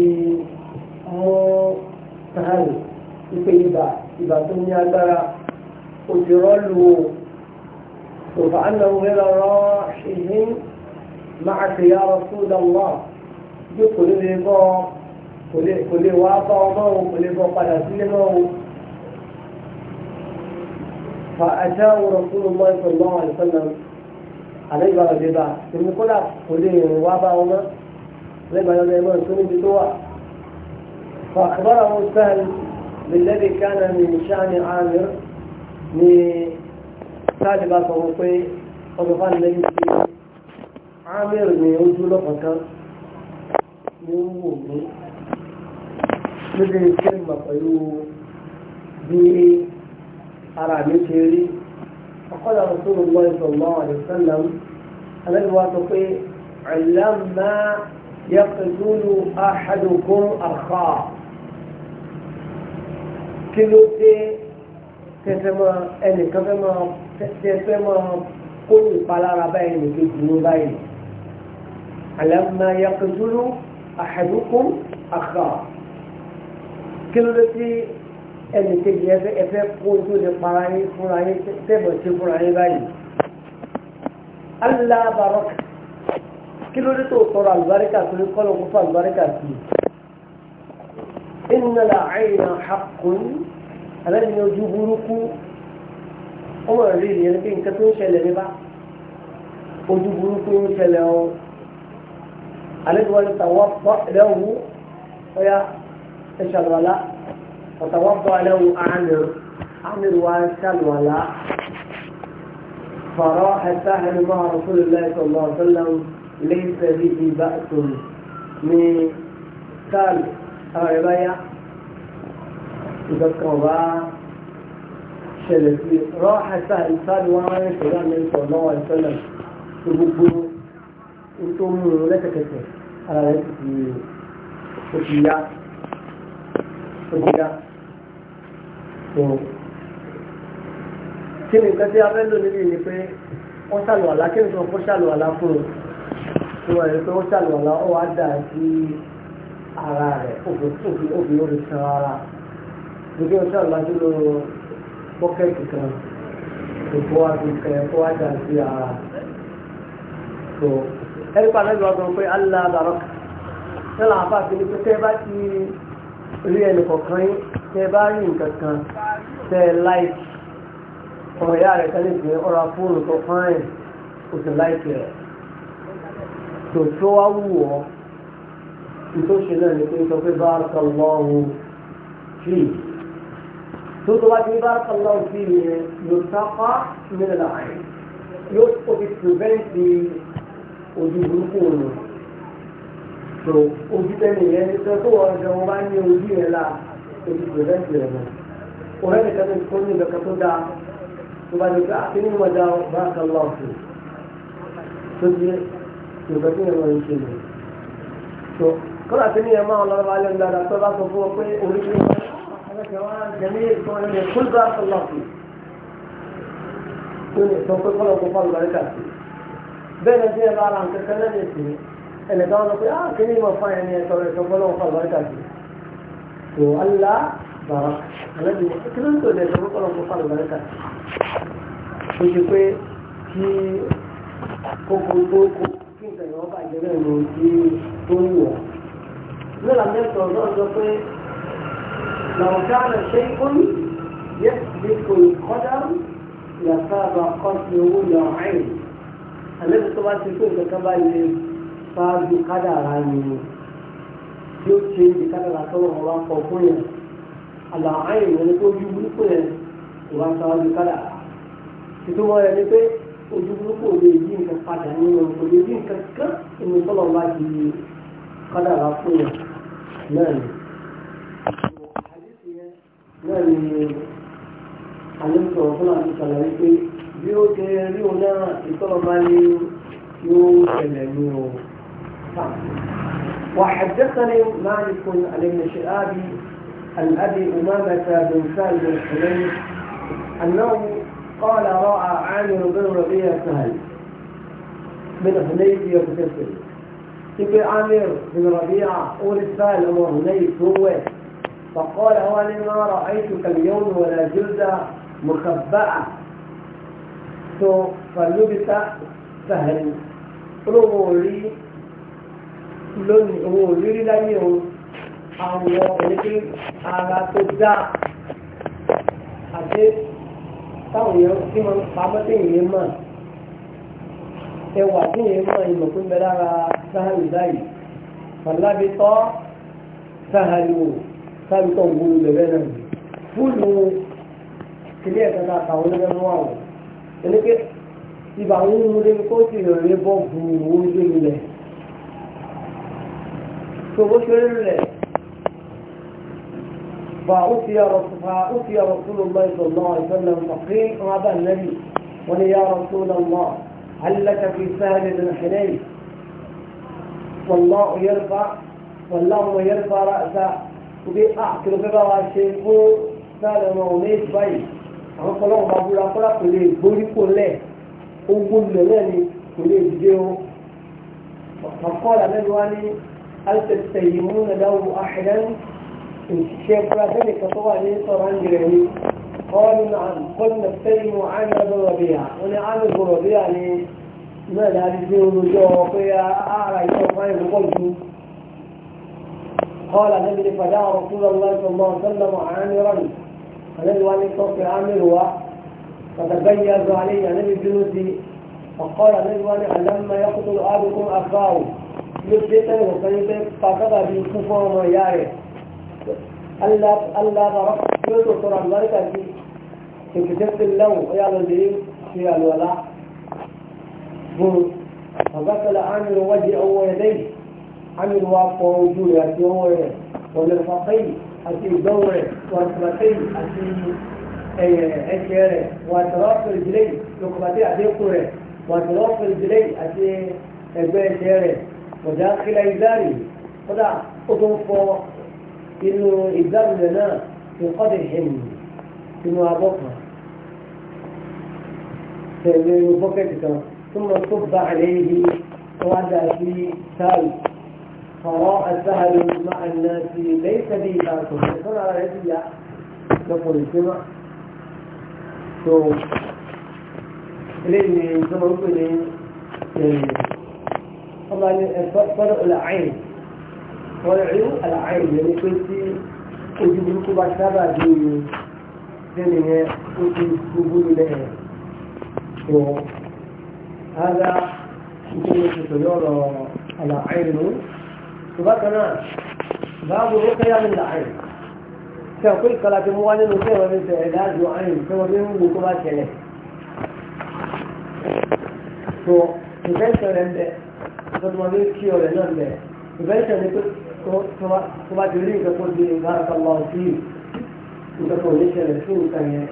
mú sàárì pípé ibà ibà tó ní agbára òjò rọ́ọ̀lù òfà ànáwó rẹ̀ lọ́rọ́ ṣìhín máa ṣe yá rọ́ṣúdà wà yóò kò ní lè gbọ́ kò lè kò lè wá bá ọmọ òun kò lè bọ́ padà sílé mọ́ òun. فأتاه رسول الله صلى الله عليه وسلم عليه بعد الربا ثم قال قولي وابا عمر لما يوم يمر سنة بتوع فأخبره سهل بالذي كان من شأن عامر ní sáàdì bá sọ wọn pé ọmọ bá lẹ́yìn sí àmìrì ní ojú lọ́kọ̀ọ́kan ní wò ní níbi iṣẹ́ ìmọ̀ pẹ̀lú bí ara mi ṣe rí ọkọ̀lá Rasulullah sallallahu alaihi wasallam alẹ́lẹ́wà sọ pé allamma yaqtulu ahadukum akha kí ló dé tẹ́fẹ́ máa ẹnìkan fẹ́ máa tẹ́fẹ́ máa kó ìpalára báyìí nìkan jùlọ báyìí allamma yaqtulu ahadukum akha kí ló dé tí ẹnì kejì ẹfẹ́ ẹfẹ́ kó tó lè para yín fúnra yín tẹ̀bọ̀ sí fúnra yín báyìí allah baraka kí ló dé tó tọrọ àlùbáríkà tó lè kọ́lọ̀ kó fún àlùbáríkà sí i innal ayna haqqun alẹ́ ní ojú burúkú ọmọ rí rí ẹni pé nǹkan tó ń ṣẹlẹ̀ níbà ojú burúkú ń ṣẹlẹ̀ ọ alẹ́ ní wọ́n ti tàwọ́ pọ́ ẹ̀dẹ́wù ọ̀yà ṣàlùwàlá ọ̀tàwọ́pọ̀ aláwò àmìr àmìr wa ṣàlùwàlá fọ̀rọ̀ ẹ̀sá ẹni máa rọ̀kúrò lẹ́sọ̀ lọ́sọ́lọ́m lẹ́sẹ̀ bí i bá tòun ní sáàlù àwọn ẹ̀bá yá ìdọ̀kan wá ṣẹlẹ̀ sí rọ̀ ẹ̀sá ìsáàlù wa rẹ̀ ṣẹlẹ̀ lẹ́sọ̀ lọ́wọ́ ìsọ́lọ̀ gbogbo tó mú lẹ́sẹ̀kẹsẹ̀ ara rẹ̀ ti fi ó ti yá òjìdá kí ni nǹkan tí a fẹ́ lò nílé ni pé wọ́n ṣàlù àlá kí ni sọ fún ṣàlù àlá fún un tí wọ́n rí pé wọ́n ṣàlù àlá ó wá dà sí ara rẹ̀ òbí ó lè san ara gbogbo wọ́n ṣàlù àlá jùlọ bọ́kẹ́tì kan òbó wa fi kẹ́ kó sí ara tó ẹni pàdánù ọgbọ̀n pé aláàbàrọ̀ ṣẹlẹ̀ àbá fi ni pé tẹ́ bá ti rí ẹnì kọ̀ọ̀kan yín tẹ́ bá rí nǹkan kan tẹ́ láìkì ọmọ ìyá rẹ̀ kan nìkan ọ̀rọ̀ fóònù tó fáìn kò sì láìkì rẹ̀ tó tó wá wù ọ́ ìtòṣe náà ni pé sọ pé bá a sọ lọ́hùn fíì tó tó wá ti bá a sọ lọ́hùn fíì yẹn yóò sáfà mílíọ̀nù àárín yóò ó ti prevent ojú burúkú òun tó ojú tẹ́lẹ̀ yẹn ní sọ tó wọ́n ṣe wọ́n bá ní ojú yẹn la ojú tó lẹ́sì rẹ̀ mọ́ ọ̀rẹ́ nìkan tó kó ní ìgbàkan tó dáa tó bá ní pé àti nínú ọjà bá kan lọ sí tó di ìgbà tó yẹ wọ́n ń ṣe lọ. tó kọ́lá tí ní ẹ̀ma ọ̀la ọba alẹ́ ńlára tó bá sọ fún ọ pé oríṣi bẹ́ẹ̀ ni bí ẹ bá ara nǹkan kan lẹ́yìn ìsinmi ẹnìkan wọn sọ pé ah kí ni mo fa ẹni ẹ̀sọ́ rẹ̀ sọ fọlọ́wọ́ fún àlùbáríkà sí tó alá bàrà àlejò kí ló ń tò lẹ̀ sọ fọlọ́wọ́ fún àlùbáríkà tó ṣe pé kí kókó tó kó kí nǹkan ìwọ́n bàjẹ́ bẹ́ẹ̀ ló ti tó ń wọ̀ nílà mẹ́tọ̀ náà sọ pé làwùjáàlẹ̀ ṣe kún yẹ bí kò kọ́dá yàtọ̀ àbá kọ́ sí owó yàrá àìní àlejò tó bá ti kó nǹkan kan bá lè ṣáájú kádàrá yìí tí ó ṣe ibi kádàrá tọ́lọ̀ wọn bá kọ fún yẹn àlàáyé ìwọ̀n tó ojú burúkú yẹn kò wá ṣáájú kádàrá ìtumọ̀ rẹ̀ ni pé ojú burúkú ò lè yí nǹkan padà nínú kò lè yí nǹkan kan inú tọ́lọ̀ bá ti kádàrá fún yẹn náà ni. náà ni àlẹ́ sọ̀rọ̀ fún àti ṣàlàyé pé bí ó ṣe rí òun náà ìtọ́lọ̀ bá ní yóò ṣẹlẹ̀ ní òun. وحدثني مالك عن ابن شهاب عن ابي امامه بن سالم بن حنين انه قال راى عامر بن ربيع سهل بن هنيك يغتسل يبقى عامر بن ربيع قول سهل هو هنيك هو فقال هو ما رايتك اليوم ولا جلد مخبأة فلبس سهل قلوبه لي lónìí owó òrírí láyé o àwọn ẹ̀lẹ́gbẹ́ ara tó dáa àti táwọn èèyàn tí wọ́n pamọ́ sí ìyẹn mọ̀ ẹwà tí ìyẹn mọ̀ ìmọ̀ tó ń bẹ lára sáhàlì báyìí pàlábí tọ́ sáhàlì o sáhàlì tó ń gbóòrò bẹ̀rẹ̀ náà fúlù ilé ẹ̀ka náà àtàwọn ẹgbẹ́ mú àwọn ẹ̀lẹ́gbẹ́ ibà ń mú débi kó sì bọ́ gbòòrò ó dé ilẹ̀. فهو شرر فأوتي رسول الله صلى الله عليه وسلم فقيل أبا النبي ولي يا رسول الله هل لك في سهل بن حنين والله يرفع والله يرفع رأسه وبأحكي ربما وشيخه سهل مونيس بي àwọn ọlọ́run bá búra kọ́lá kò lè borí kò lẹ̀ ogun lẹ̀ lẹ́ni kò lè dìde o ọ̀kọ́ ọ̀là mẹ́rin wá ní هل تستيمون له أحدا الشيخ فاتني كطوع لي صار عندي رهيب قالوا نعم قلنا استيموا عامر بن ربيع وانا عامر بن ربيع لي ما لا يجوز جوقيا أعلى يتوقعين بقلبي قال النبي فدعا رسول الله صلى الله عليه وسلم عامرا النبي وعليه الصلاة عامر هو فتبيز عليه النبي الجنوسي فقال النبي وعليه لما يقتل أحدكم أخاه ló dé tẹ́lẹ̀ nǹkan yín fẹ́ pàtàkì bí ikú fún ọmọ ìyá rẹ̀ alábàárọ̀ tí ó tó sọ̀rọ̀ àlùbáríkà sí ìpìtẹ́ sí lẹ́wọ̀n ó yà lọ lè ṣe àlùwàlá bùn àgbàkẹ́lẹ̀ àmìrò wájú ọwọ́ ẹ̀ lẹ́yìn àmìrò wa fọ ojú rẹ̀ àti ọwọ́ rẹ̀ ọ̀lẹ́fàfẹ́yì àti ìgbọ́wọ́ rẹ̀ wàtúrọ̀fẹ́yì àti ẹ̀ṣẹ̀ rẹ̀ wàtúrọ̀fẹ́ àti ẹgbẹ́ ẹ̀ṣẹ̀ rẹ̀ وداخل إزاره فدع أطنف إنه إزار لنا في يقدح إنه أبطها فإنه بكتك ثم صب عليه وعد في سال فراء السهل مع الناس ليس بي بأس فصنع رجل يدي نقول السمع ثم eléyìí ثم ìjọba ń ọba ní ẹ̀fọ́dọ̀ ọ̀làáyìn wọ́n rí ọ̀làáyìn yẹn ní pé tí ojú burúkú bá sábà dé oye lẹ́nu yẹn ó ti gbogbo lulẹ̀ ẹ̀ tó ara nítorí oṣù pẹ̀lú ọ̀rọ̀ ọ̀làáyìn ló tó bá kan náà báwo ó kẹ́yà ní làáyìn tí a kó ìkọlá ti mú wá nínú tí wọ́n fi ṣe ẹ̀dá àjọ àyìn tí wọ́n fi ń wo kó bá ṣẹlẹ̀ tó ìfẹ́ sọ̀rọ̀ ń bẹ́ẹ̀. ọmọdé kí ọ̀rẹ́ náà lẹ̀ ìbẹ́sẹ̀ ni pé tó bá ti rí nǹkan tó di nǹkan kan lọ sí nǹkan tó ní ṣẹlẹ̀ sí nǹkan yẹn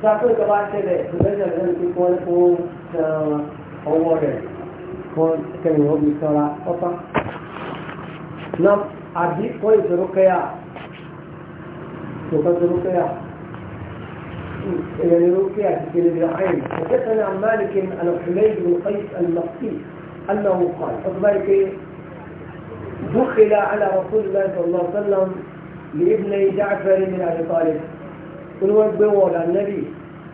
sáfẹ́ nǹkan bá ṣẹlẹ̀ ìbẹ́sẹ̀ náà ni pé kí wọ́n kó ọwọ́ rẹ̀ kan kẹyìn ọ̀gbìn sọ́ra ọ̀pá. na àbí kọ́ ìṣòro kẹ́yà ìṣòro ìṣòro kẹ́yà إلى ركيع في العين وحدثنا عن مالك عن حميد بن قيس المقصي أنه قال فضلك دخل على رسول الله صلى الله عليه وسلم لابن جعفر من أبي طالب قلوا بول النبي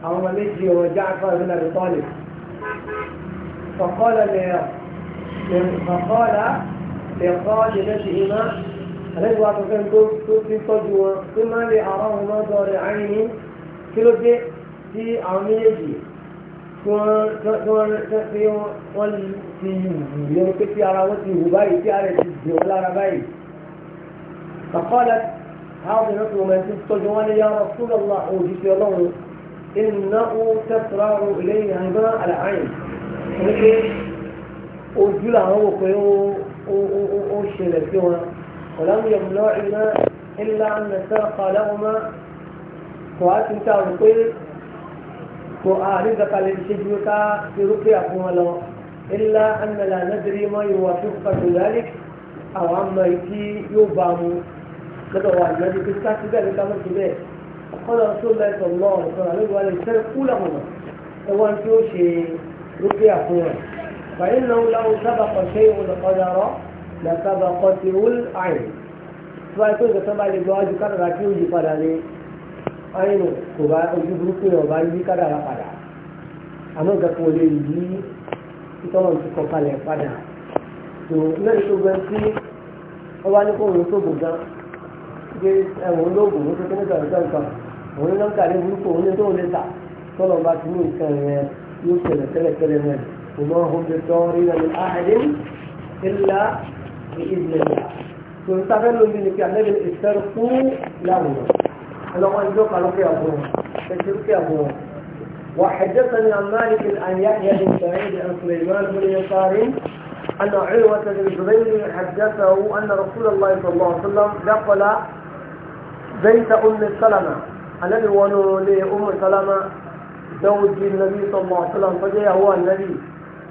أو ملجي وجعفر من أبي طالب فقال لي فقال لخالدتهما الذي وافقين كنت في صجوة ثم لأراهما دار عيني كيلو دي في عميجي tí wọ́n ti yìnyín pé tí ara wọ́n ti hù báyìí tí ara ti dè wọ́n lára báyìí. Kàkọ́lá àwọn ìrántí wọn ti tọ́jú wọn ní yàrá fúnra wọn òjíṣẹ́ ọlọ́run. Innahu tasraru ilayhi àgbọn àlàáyìn. Wọ́n pé ojú làwọn wò pé ó ṣẹlẹ̀ sí wọn. Ọ̀làmú yẹ̀mùlọ́ iná ńlá ń lẹ́sẹ̀ kọ́ àdáwọn mọ́ kò àárín kankalẹ̀ ṣe ju ká irúfẹ́ àfún wọn lọ ilá anàlà nàdìrí mọ́ ìwà tó fàtó lálẹ́ àwọn àmọ́ ìdí yóò bá mu lọ́dọ̀ wà lọ́dọ̀ pé ká síbẹ̀ ní ká mọ̀ síbẹ̀ ọ̀kọ́lọ̀ tó mẹ́tọ̀ lọ́ọ̀ sọ̀rọ̀ lórí wa lè fẹ́ kú làwọn ẹ̀wọ̀n tí ó ṣe irúfẹ́ àfún wọn. فإنه لو سبق شيء القدر لسبقته العين. فأيتون كما يقول هذا كان راكيوجي قال عليه àyìnbó kò bá ojú burúkú yẹn ọba yí kádàrá padà àmọ́ ìgbàpọ̀ lè yí títọ́nà ti kọ kalẹ̀ padà tó lẹ́yìn tó gbẹ sí ọba ní kó òun tó bò gan gbé ẹ̀wọ̀n lóògùn ló tó kí nígbà tó nǹkan òun ní nọ́ńkà ní burúkú òun ní tó lè tà tọ́lọ̀ bá ti ní nǹkan yẹn yóò ṣẹlẹ̀ tẹ́lẹ̀tẹ́lẹ̀ náà kò mọ ohun tó tọ́ rí ẹni àhẹ́dẹ́ ńlá ìdílé náà tó sáfẹ́ lóbi ni kí àlẹ́ لو أن وحدثني عن مالك عن يحيى بن سعيد عن سليمان بن يسار أن عروة بن الزبير حدثه أن رسول الله صلى الله عليه وسلم دخل بيت أم سلمة الذي ونو لأم سلمة زوج النبي صلى الله عليه وسلم فجاء هو النبي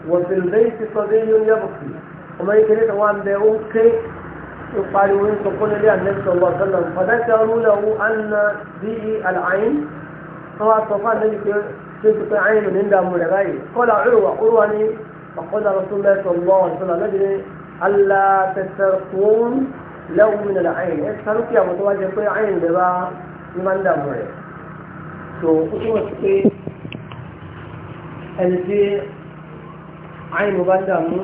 وفي البيت صبي يبكي وما يكرهه أن بأم يقال ويقول لي النبي صلى الله عليه وسلم فذكروا له أن به العين هو الصفاء الذي تلك عين من عند مرغي قال عروة عروة فقال رسول الله صلى الله عليه وسلم ندري ألا تسترقون له من العين يسألك يا متواجه في عين ببا من عند مرغي سو أتوسكي التي عين بندم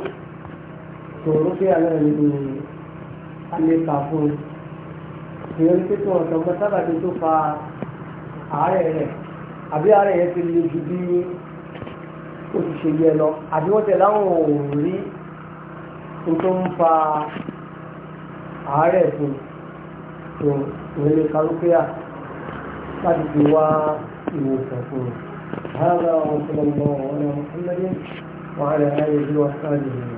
سو رفيع من lè kà fún un ìyẹn ti tó ọ̀sán mọ́ sábàbí tó fa àárẹ̀ rẹ̀ àbí àárẹ̀ yẹn ti le ju bí ó ti ṣe yẹ lọ àbí wọ́n tẹ̀ láwọn ò rí tó ń fa àárẹ̀ fún tó ìwélé kalúkíà láti fi wá ìwòsàn fún un. هذا وصلى الله على محمد وعلى آله وصحبه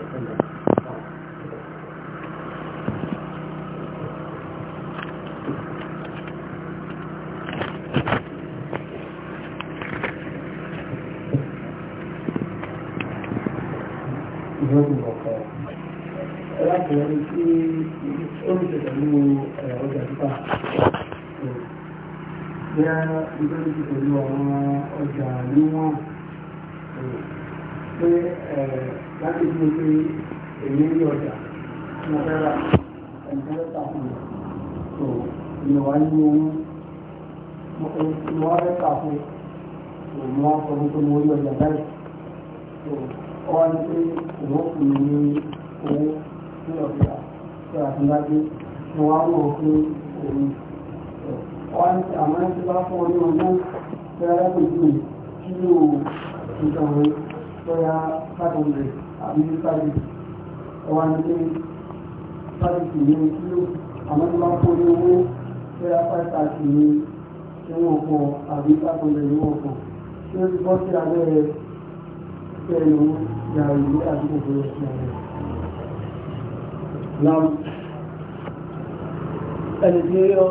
pẹ̀lú eh, ọjà títà eh, bóyá ìgbẹ́ méjì pẹ̀lú àwọn ọjà níwọ̀n eh, pé láti fi pé èyí ní ọjà tí wọ́n fẹ́ rà ẹ̀ǹkan lẹ́tà fún mi tó ìnáwó ní ohun mo wá fẹ́ kà fún tó mo wá ọjà báyìí tó ní pé òun ó ní owó ní ọjà mo wá mọ̀ fún òun wọ́n ti àwọn ẹni tí bá fún ọdún ọdún bẹ́ẹ̀ pẹ̀lú kílò nǹkan rẹ̀ bóyá five hundred àbí five ọwọ́ ní pé five ní kílò àwọn tí bá fún ọdún owó bóyá five thirty ní ṣé wọ́n kọ àbí five hundred ní wọ́n kọ ṣé ó ti bọ́ sí abẹ́ bẹ́ẹ̀ ló yàrá ìwé àdúgbò bóyá sí abẹ́ ẹni tí ó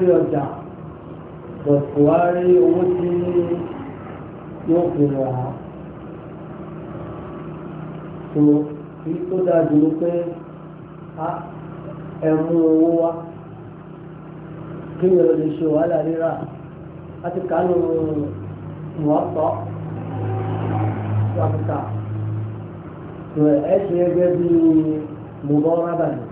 rí ọjà kò wá rí owó tí yóò fi rà á tó kí tó dájú ní pé ẹ mú owó wá kí ni o lè ṣe wàhálà rírà á kánú mọ́tọ́ wàkúta ẹ ṣe gẹ́gẹ́ bí mo bọ́ rábà ní.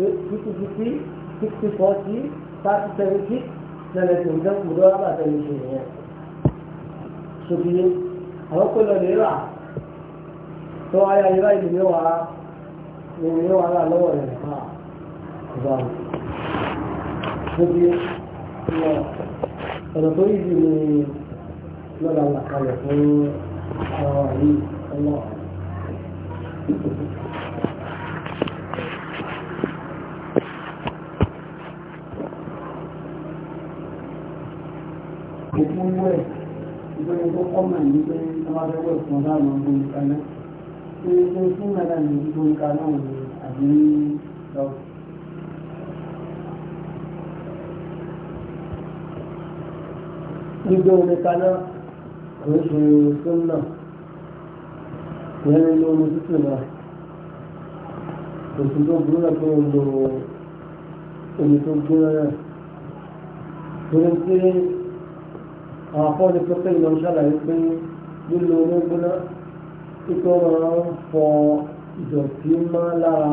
fifty fifty sixty forty thirty seventy lẹ́nu tó ń dẹ́kun lọ́wọ́ àbàtẹ́ ìṣe yẹn. ṣòbí àwọn kò lọ lè rà tó ayé ayé báyìí lè wà lè wà rà lọ́wọ́ rẹ̀ ha ìgbà wọn. ṣòbí ọ̀nà tó yìí di ni lọ́dà làkàlẹ̀ fún àwọn yìí ọlọ́run. wẹ̀ ìgbẹ́ni tó kọ́mọ̀ ní pé wọ́n máa fẹ́ wẹ̀ fún ọ̀dà àwọn ọmọ nǹkan náà ṣé ṣé fún mẹ́ta ní gbogbo nǹkan náà ni àbí lọ. gbígbé omi kaná kò ń ṣe sọ́nà ìyẹn ní omi tútù náà kò sí tó burú náà tó ń lo omi tó gbóná náà àwọn afọ́jú pẹ́pẹ́ ìlọ ṣàlàyé pé lílo olóngbóná tó máa ń fọ ìdọ̀tí mọ́ lára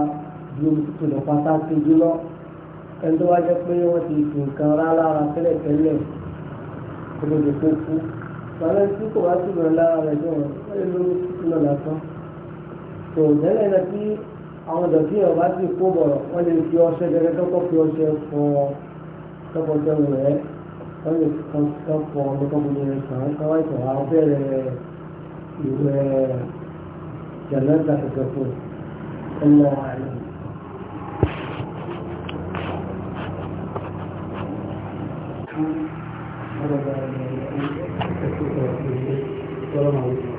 ju tòlọ̀ pátá sí jùlọ ẹni tó wá jẹ́ pé wọ́n ti fi nǹkan rá lára tẹ́lẹ̀tẹ́lẹ̀ kó ló lè kó kú bàbá tí kò bá sì rẹ̀ lára rẹ̀ jọ wọ́n lè lórí ìlọ lásán tó tẹ́lẹ̀ náà tí àwọn ìdọ̀tí yẹn bá sì kó bọ̀rọ̀ wọ́n lè fi ọṣẹ gẹ́gẹ́ tọ́kọ̀ fi ọṣẹ fọ kan lè kan kan fọ ọmọkọ́mọdé rẹ̀ kàn ká wáyé tó àwọn bẹ̀rẹ̀ ìwẹ̀ jẹ̀lẹ́dà kẹ̀kẹ́ fún